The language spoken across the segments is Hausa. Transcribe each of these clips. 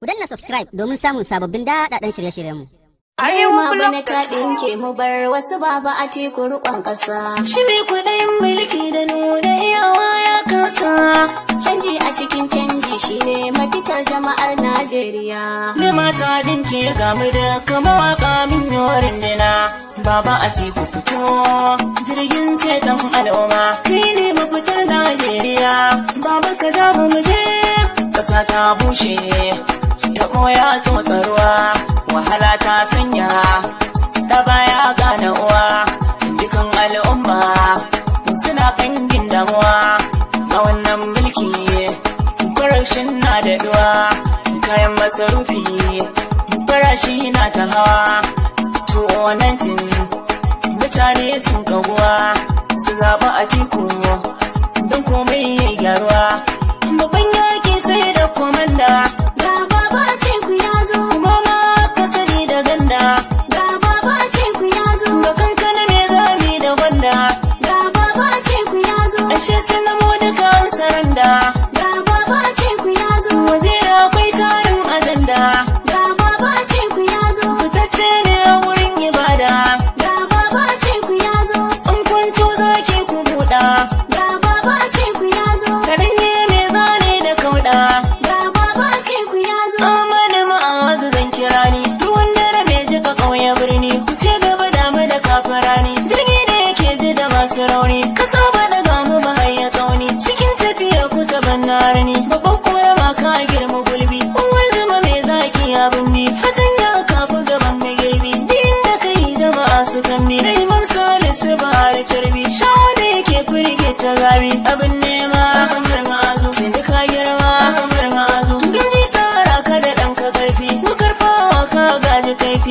Ku danna subscribe domin samun sababbin dadadan shirye-shiryenmu. Arewa bana ta ɗinke mu bar wasu baba a teku riƙon ƙasa. Shiri kuɗin mulki da nuna yawa ya kasa. Canji a cikin canji shine mafitar jama'ar Najeriya. ne mata ɗinke ga mu da kama waƙa min yorin dina. Baba a teku fito, jirgin ceton al'umma. Kai ne mafitar Najeriya, baba ka damu mu je, ƙasa ta bushe. taɓo ya tsotsa ruwa wahala ta sanya ta baya gane uwa dukan al'umma suna kangin damuwa a wannan mulki farashin na da duwa kayan masarufi farashi na ta hawa tuwo oh nan mutane sun kaguwa su zaba a tiku don komai ya gyaruwa sauri kasa ba da gamu ba cikin tafiya ku ta bannar ni babban koya ma ka girma gulbi uwar zama mai zaki ya bindi fatan ya kafu gaban mai girbi din da kai jama'a su kan bi na imam salisu ba har carbi shawo yake firge ta gabi abin nema abin kaifi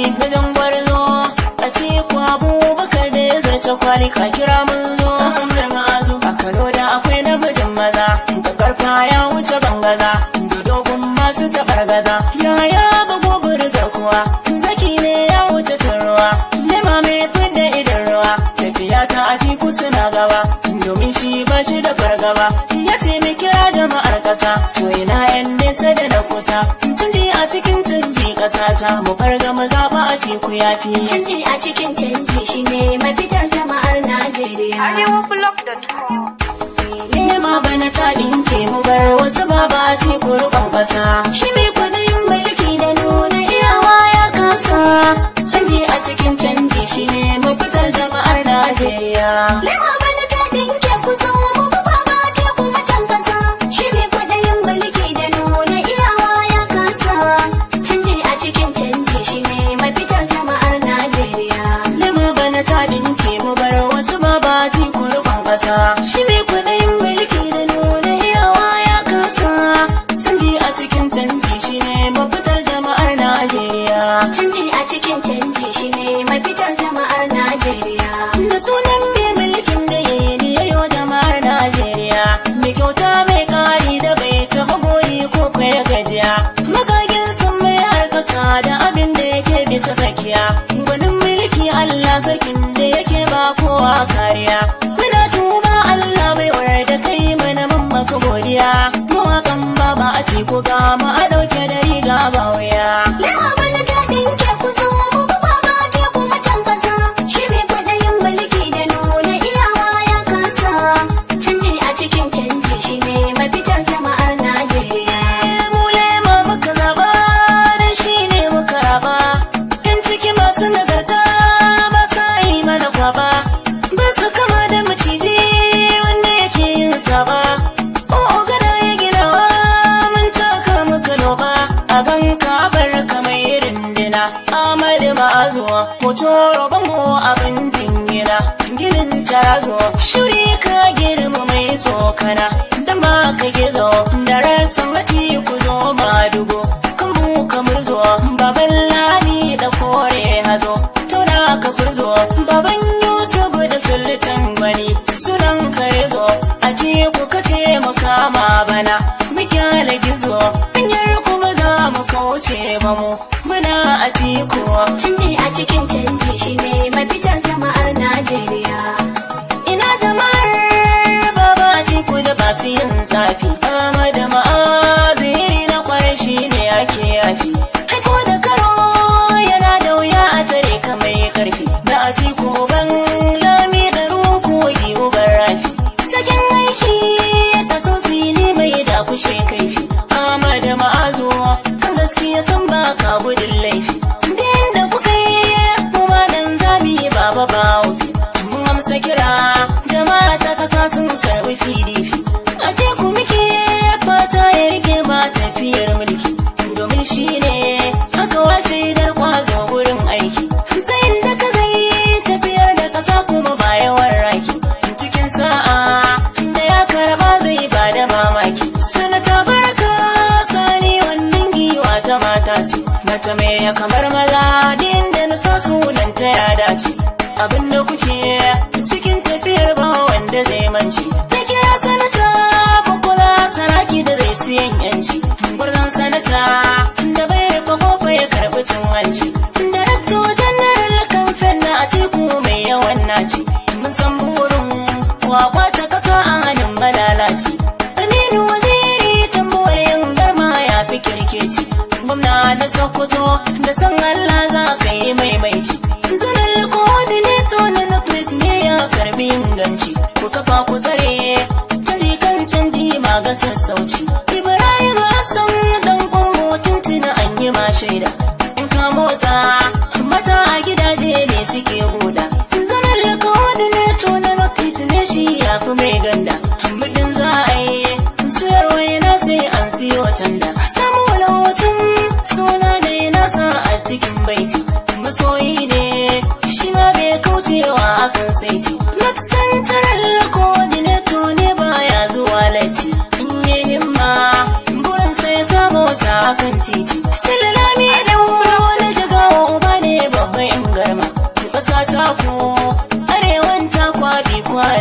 a da kwali ka banza ya kaya wuce bangaza zo dogon masu tabar gaza ya ya bugu da kuwa zaki ne ya wuce turwa nema mai fidda idan ruwa tafiya ta aji suna gaba domin shi ba shi da fargaba ya ce mai kira jama'ar kasa to ina yan nesa da na kusa canji a cikin canji kasa ta mu farga maza ba a teku ya fi canji a cikin canji shine mafitar jama'ar najeriya arewa blog.com ma bana ta dinke mu bar wasu ba ba ce kurban ƙasa. Canji a cikin canji shi ne mafitar jama'ar Najeriya. Da sunan mai mulkin da ya yi yayo jama'ar Najeriya. Mai kyauta mai kari da bai taɓa goyi ko kai gajiya. Magagin sun mai harkasa da abin da yake bisa tsakiya. Gwanin mulki Allah sakin da yake ba kowa kariya. Muna tuba Allah bai wayar da kai mana mamaka godiya. Mawakan baba a ciko ko gama a ɗauke da riga ba wuya. in ta shuri ka girma mai tsokana da ma ka gizo da ratsa mati ku zo ma dugo kamu kamar zo baban lami da kore hazo tuna ka furzo mata ce mace mai ya kamar maza din da na sa sunan ta ya dace abin da kuke cikin tafiyar ba wanda zai mance da son Allah za ka yi maimaici ne coordinator na na ne ya karbi inganci ku kafa ku zai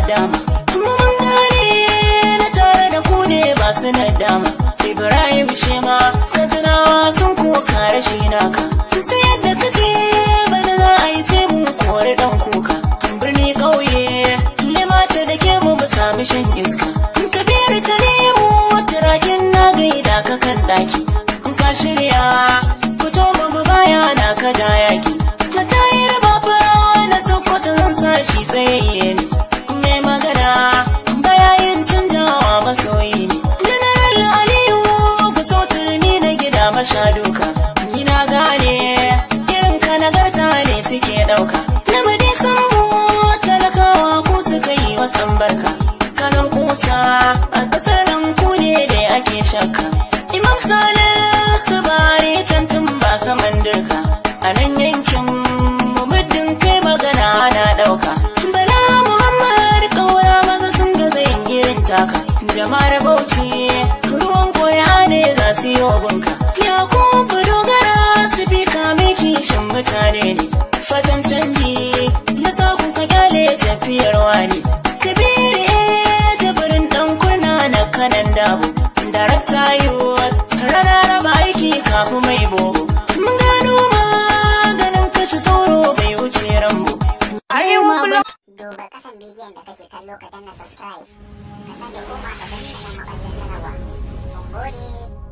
dama mun gane na tare da ku ne ba su na dama ibrahim shema na tunawa sun koka rashi naka sai yadda ka ce bana za a yi sai mu kori dan kuka birni ƙauye ne mata da ke mu ba sami shan shakka imam sale su can tun ba saman duka a nan yankin mu muddin kai magana ana ɗauka bala muhammad kawai maza sun ga zai irin taka jama'ar shafi mai bobo mun gano maganin sauro bai wuce ranmu duba kasan bidiyon da kake kallo ka danna subscribe ka sake koma ka sanarwa mun gode